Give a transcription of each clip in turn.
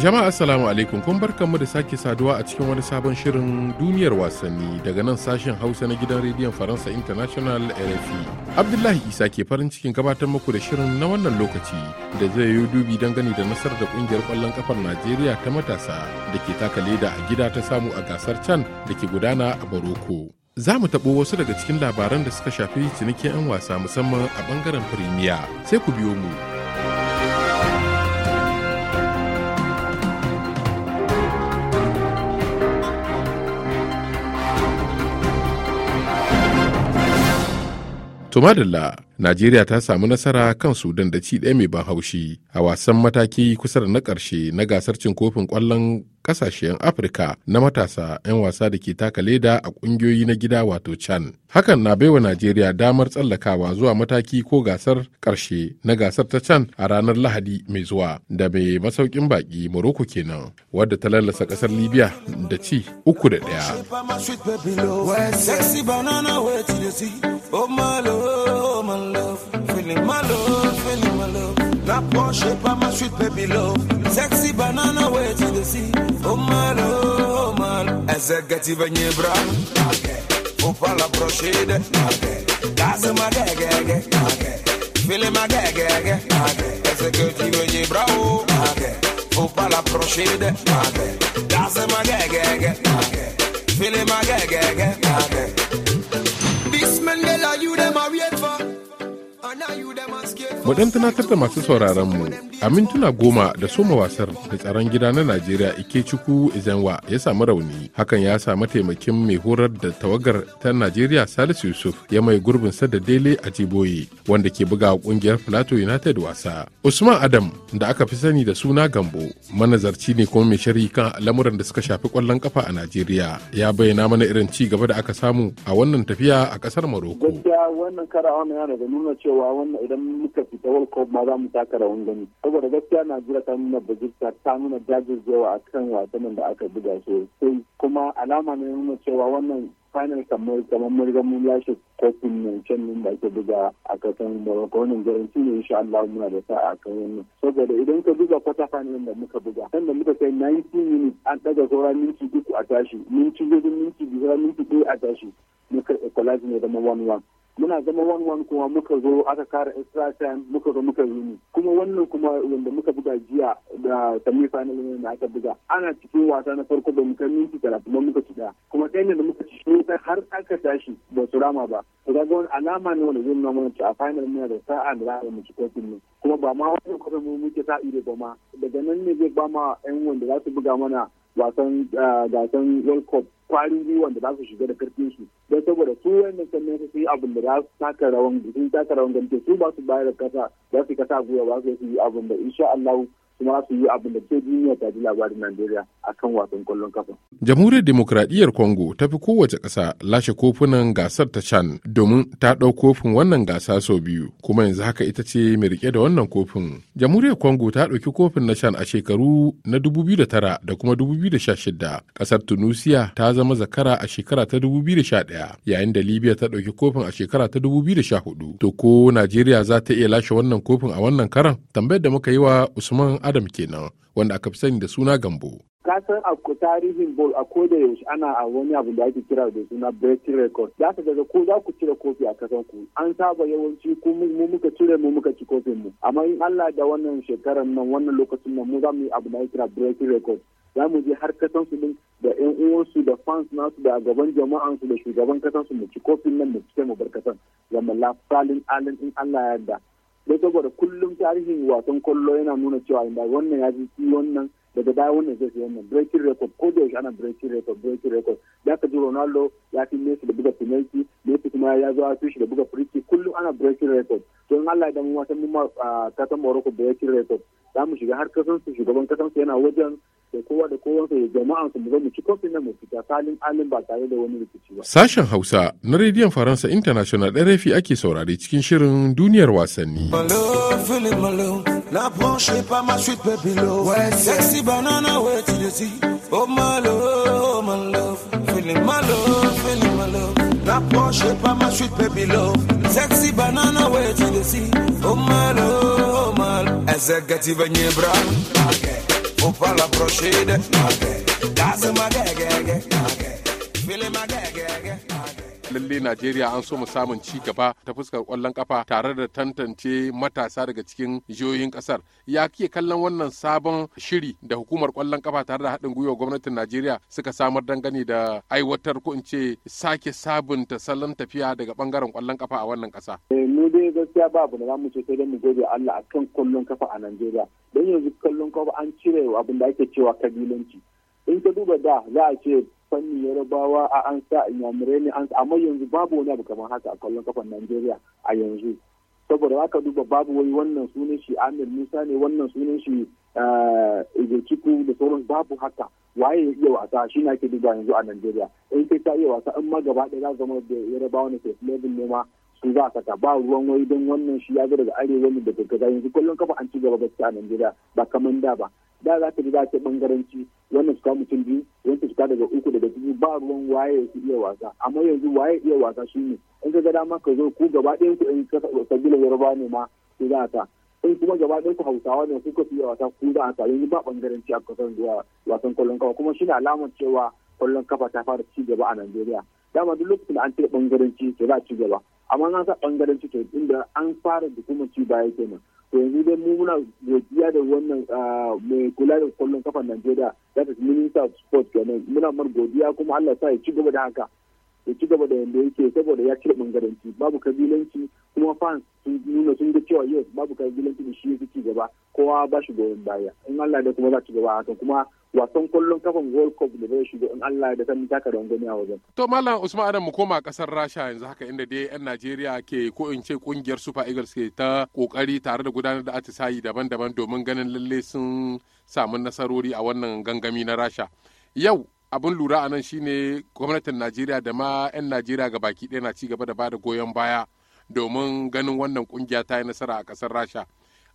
Jama'a Assalamu alaikum kun mu da sake saduwa a cikin wani sabon shirin duniyar wasanni daga nan sashen Hausa na gidan rediyon Faransa International RFI. Abdullahi Isa ke farin cikin gabatar muku da shirin na wannan lokaci da zai yi dubi gani da nasarar da kungiyar kwallon kafar Najeriya ta matasa da ke taka leda a gida ta samu a gasar can da ke gudana a Baroko. za mu taɓo wasu daga cikin labaran da suka shafi cinikin 'yan wasa musamman a ɓangaren firimiya sai ku biyo mu to madalla Najeriya ta samu nasara kan Sudan da ci ɗaya mai ban haushi a wasan mataki kusa da na ƙarshe na gasar cin kofin ƙwallon ƙasashen Afirka na matasa 'yan wasa da ke taka leda a ƙungiyoyi na gida wato CHAN. Hakan na baiwa Najeriya damar tsallakawa zuwa mataki ko gasar ƙarshe na gasar ta CHAN a ranar Lahadi mai zuwa da mai masaukin baƙi Morocco kenan wadda ta lallasa ƙasar Libya da ci uku da ɗaya. love, my love. Feeling my love, feeling my love. Now Porsche, by my sweet baby love. Sexy banana way to the sea. Oh my love, oh my love. Executive and your bra. Opa la brochide. That's my gag. Feeling my gag. Executive and your bra. Oh. Opa la brochide. That's my gag. Feeling my gag. waɗanda na tunatar da masu sauraron mu a mintuna goma da soma wasar da tsaron gida na najeriya ikechukwu izenwa ya samu rauni hakan ya samu taimakin mai horar da tawagar ta najeriya salisu yusuf ya mai gurbin sa da dele a jiboye wanda ke buga kungiyar plateau united wasa usman adam da aka fi sani da suna gambo manazarci ne kuma mai sharhi kan lamuran da suka shafi kwallon kafa a najeriya ya bayyana mana irin ci gaba da aka samu a wannan tafiya a kasar maroko wannan yana da nuna cewa wannan idan muka ita world cup ma za mu taka rawan gani saboda gaskiya najeriya ta nuna bajirta ta nuna jajircewa a kan wasannin da aka buga su sai kuma alama ne nuna cewa wannan final kamar kamar murgan mun lashe kofin nan can nan da ake buga a kasan Morocco wannan garanti ne insha Allah muna da sa a kan wannan saboda idan ka buga kwata final da muka buga kan da muka kai 90 minutes an daga sauran minti uku a tashi minti gudu minti biyar minti ɗaya a tashi muka ekolaji ne da 1-1 muna zama wani wani kuma muka zo aka kara extra time muka zo muka zuni kuma wannan kuma wanda muka buga jiya da semi final ne da aka buga ana cikin wasa na farko ba muka minti tara kuma muka ci kuma ɗaya ne da muka ci shi har aka tashi ba su rama ba to ga wani alama ne wanda zai nuna mana a final muna da sa'a da za a mu ci kofin ne kuma ba ma wani kofin mu muke sa ido ba ma daga nan ne zai ba ma 'yan wanda za su buga mana wasan ah, gasan world cup kwari biyu wanda za su shiga da karfin su don saboda su wannan sannan su yi abin da za su taka rawan su taka rawan su ba su bayar da kasa za su kasa gwiwa ba su yi abin da insha Allah kuma su yi abin da ke duniya ta ji labarin Najeriya a kan wasan kwallon kafa. Jamhuriyar Demokuraɗiyyar Congo ta fi kowace ƙasa lashe kofunan gasar ta Chan domin ta ɗau kofin wannan gasa sau biyu kuma yanzu haka ita ce mai rike da wannan kofin. Jamhuriyar Congo ta ɗauki kofin na Chan a shekaru na 2009 da kuma 2016. Ƙasar Tunisia ta zama zakara a shekara ta 2011 yayin da Libya ta ɗauki kofin a shekara ta 2014. To ko Najeriya za ta iya lashe wannan kofin a wannan karan? Tambayar da muka yi wa Usman adam kenan wanda aka fi sani da suna gambo kasan a tarihin bol a koda yaushe ana a wani abu da ake kira da suna breaking record za ka ga ko za ku cire kofi a kasan ku an saba yawanci ko mu muka cire mu muka ci kofin mu amma in Allah da wannan shekarar nan wannan lokacin nan mu za mu yi abu da ake kira breaking record za mu je har kasan su din da yan uwansu da fans nasu da gaban jama'an su da shugaban kasan su mu ci kofin nan mu fice mu bar kasan zama lafalin alin in Allah ya yarda don saboda kullum tarihin wasan kwallo yana nuna cewa inda wannan ya ji wannan daga baya wannan zai sai wannan breaking record ko da yaushe ana breaking record breaking record da ka ji Ronaldo ya fi Messi da buga penalty Messi kuma ya zo a shi da buga free kick kullum ana breaking record to in Allah ya mu mu ma ta ta ah, Morocco breaking record za mu shiga har kasan su shugaban kasan su yana wajen da kowa koyarsa da jama'a su ci alin ba tare da wani rikici ba. Sashen Hausa na rediyon Faransa International RFI ake saurare cikin shirin duniyar wasanni. pas ma suite baby love Sexy banana Oh my love, my love, tu Okay Op alla procede, ma che, casa ma lalle Najeriya an so mu samun ci gaba ta fuskar kwallon kafa tare da tantance matasa daga cikin jihohin kasar ya kike kallon wannan sabon shiri da hukumar kwallon kafa tare da haɗin gwiwa gwamnatin Najeriya suka samar dangane da aiwatar ko in ce sake sabunta salon tafiya daga bangaren kwallon kafa a wannan ƙasa. Eh, mu dai gaskiya ba abu da za mu ce sai mu gode Allah akan kwallon kafa a Najeriya don yanzu kwallon kafa an cire abin da ake cewa kabilanci in ka duba da za a ce fanni yarabawa a an sa inyamurai ne an amma yanzu babu wani abu kamar haka a kwallon kafan najeriya a yanzu saboda haka duba babu wai wannan sunan shi amir musa ne wannan sunan shi izirkiku eh, da sauran babu haka waye ya iya wasa shi na ke duba yanzu a najeriya in kai ta iya wasa in ma gaba ɗaya za zama da yarabawa ne ke level ne ma su za a saka ba ruwan wai don wannan shi ya zo daga arewa ne daga kaza yanzu kwallon kafa an ci gaba gaskiya a najeriya ba kaman da ba da za ka ji za ka bangaranci wannan suka mutum biyu wancan suka daga uku daga biyu ba ruwan waye su iya wasa amma yanzu waye iya wasa shi ne in ka ga dama ka zo ku gaba ɗayan ku in ka sabila yarba ne ma ku za ka in kuma gaba ɗayan ku hausawa ne ku fi fiye wasa ku za ka yanzu ba bangaranci a kasar zuwa wasan kwallon kafa kuma shi ne alamar cewa kwallon kafa ta fara ci gaba a Najeriya dama duk lokacin da an cire bangaranci to za a ci gaba amma na sa bangaranci to inda an fara kuma ci baya kenan yanzu dai mu muna godiya da wannan ah, mai kula da kwallon kafan Najeriya da ta minista sport kenan muna mar godiya kuma Allah sa ya ci gaba da haka ya ci gaba da yadda yake saboda ya cire bangaranci babu kabilanci kuma fans sun nuna sun ga cewa yes babu kabilanci da shi ya ci gaba kowa ba shi goyon baya in Allah da kuma za ci gaba hakan kuma wasan kwallon kafan World Cup da zai shiga in Allah da kan taka rangwani a wajen. To Malam Usman Adam mu koma kasar Rasha yanzu haka inda dai 'yan Najeriya ke ko in ce kungiyar Super Eagles ke ta kokari tare da gudanar da atisayi daban-daban domin ganin lalle sun samu nasarori a wannan gangami na Rasha. Yau abin lura a nan shine gwamnatin najeriya da ma 'yan najeriya ga baki ɗaya na cigaba da bada goyon baya domin ganin wannan kungiya ta yi nasara a ƙasar rasha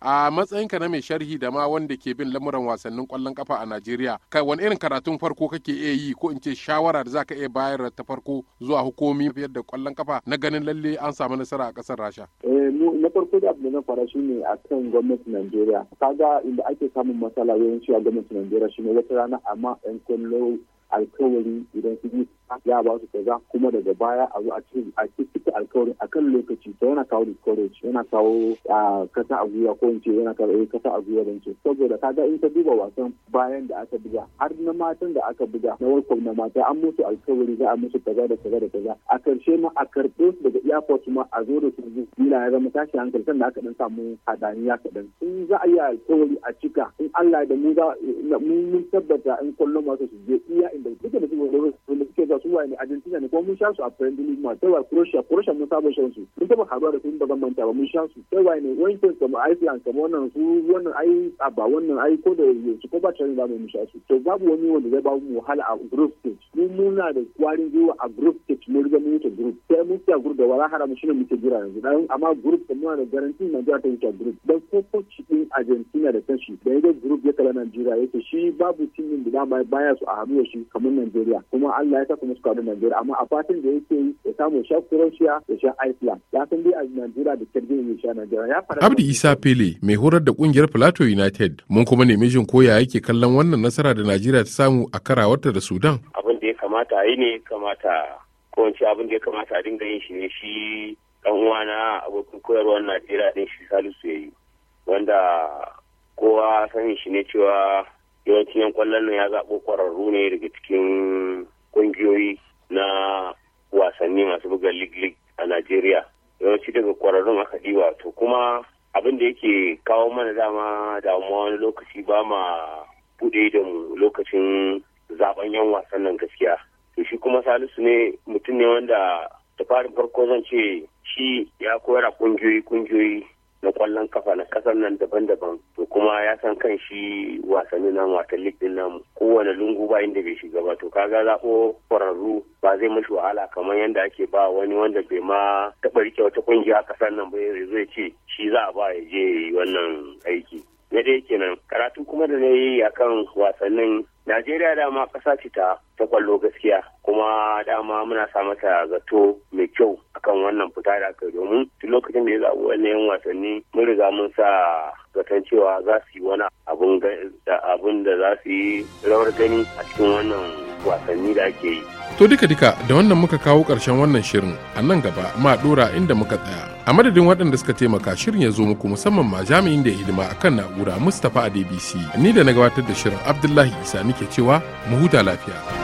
a matsayin ka na mai sharhi da ma wanda ke bin lamuran wasannin kwallon kafa a najeriya kai wani irin karatun farko kake iya yi ko in ce shawara da za ka iya bayar ta farko zuwa hukumi fiye da kwallon kafa na ganin lalle an samu nasara a ƙasar rasha eh, na farko da abu na fara shi ne a kan gwamnatin najeriya ga inda ake samun matsala yawanci a gwamnatin najeriya shine wata rana amma yan kwallo I clearly we don't see ya ba su kaza kuma daga baya a zo a cikin a cikin alkawarin kan lokaci to yana kawo discourage yana kawo kasa a guya ko in ce yana kawo eh, kasa a guya don ce saboda kaga in ka duba wasan bayan da aka buga har na matan da aka buga na world na mata an musu alkawari za a musu kaza da kaza da kaza a karshe ma a karɓe su daga airport ma a zo da su bila ya zama tashi hankali sannan aka dan samu hadaniya kaɗan in za a yi alkawari a cika in Allah da mu za mu tabbata in kwallon masu su je iya inda duka da su wanda suke su waye ne Argentina ne kuma mun sha su a Premier League ma sai wa Croatia Croatia mun saba shan su mun taba haɗuwa da su ba zan manta ba mun sha su sai wa ne wani team kamar Iceland kamar wannan su wannan ai ba wannan ai ko da yanzu ko ba tare da mu sha su to babu wani wanda zai ba mu wahala a group stage mun muna da kwarin gwiwa a group stage mun riga mun ta group sai mun tsaya group da wala haramu shine muke jira yanzu dan amma group da muna da garantin Najeriya ta ta group dan ko coach din Argentina da kanshi da yadda group ya kala Najeriya yake shi babu team din da ba baya su a hannu shi kamar Najeriya kuma Allah ya kuma suka wani Najeriya amma a fatan da yake yi ya samu sha Croatia da sha Iceland ya san dai a Najeriya da Kirgin ya sha Najeriya ya fara Abdi Isa Pele mai horar da kungiyar Plateau United mun kuma nemi jin koya yake kallon wannan nasara da Najeriya ta samu a karawarta da Sudan abin da ya kamata a yi ne kamata ko abin da ya kamata a dinga yin shi ne shi dan uwana abokin koyarwar Najeriya din shi Salisu yayi wanda kowa sanin shi ne cewa yawancin yan kwallon nan ya zaɓo ƙwararru ne daga cikin kungiyoyi na wasanni masu buga lig a Najeriya. Yawanci daga kwararrun aka ɗiba to kuma abin da yake kawo mana dama damuwa wani lokaci ba ma buɗe da mu lokacin zaben yan wasan nan gaskiya. To shi kuma Salisu ne mutum ne wanda da farin farko zan ce shi ya koyar a kungiyoyi kungiyoyi na kwallon kafa na kasar nan daban-daban kuma ya san kan shi wasannin nan wata din nan kowane lungu ba inda bai shiga ba to kaga zaɓo kwararru ba zai mashi wahala kamar yadda ake ba wani wanda bai ma taɓa rike wata kungiya a ƙasar nan ba zai ce shi za a ba ya je wannan aiki na dai kenan karatu kuma da na yi a kan wasannin najeriya dama ƙasa ce ta ta kwallo gaskiya kuma dama muna sa mata zato mai kyau akan wannan fita da aka domin lokacin da ya zaɓi wani yan wasanni mun riga mun sa zaton cewa za su yi wani abun da za su yi rawar gani a cikin wannan wasanni da ake yi. To duka duka da wannan muka kawo ƙarshen wannan shirin a nan gaba ma ɗora inda muka tsaya. A madadin waɗanda suka taimaka shirin ya zo muku musamman ma jami'in da ya hidima akan na'ura Mustapha a DBC. Ni da na gabatar da shirin Abdullahi Isa nike cewa mu huta lafiya.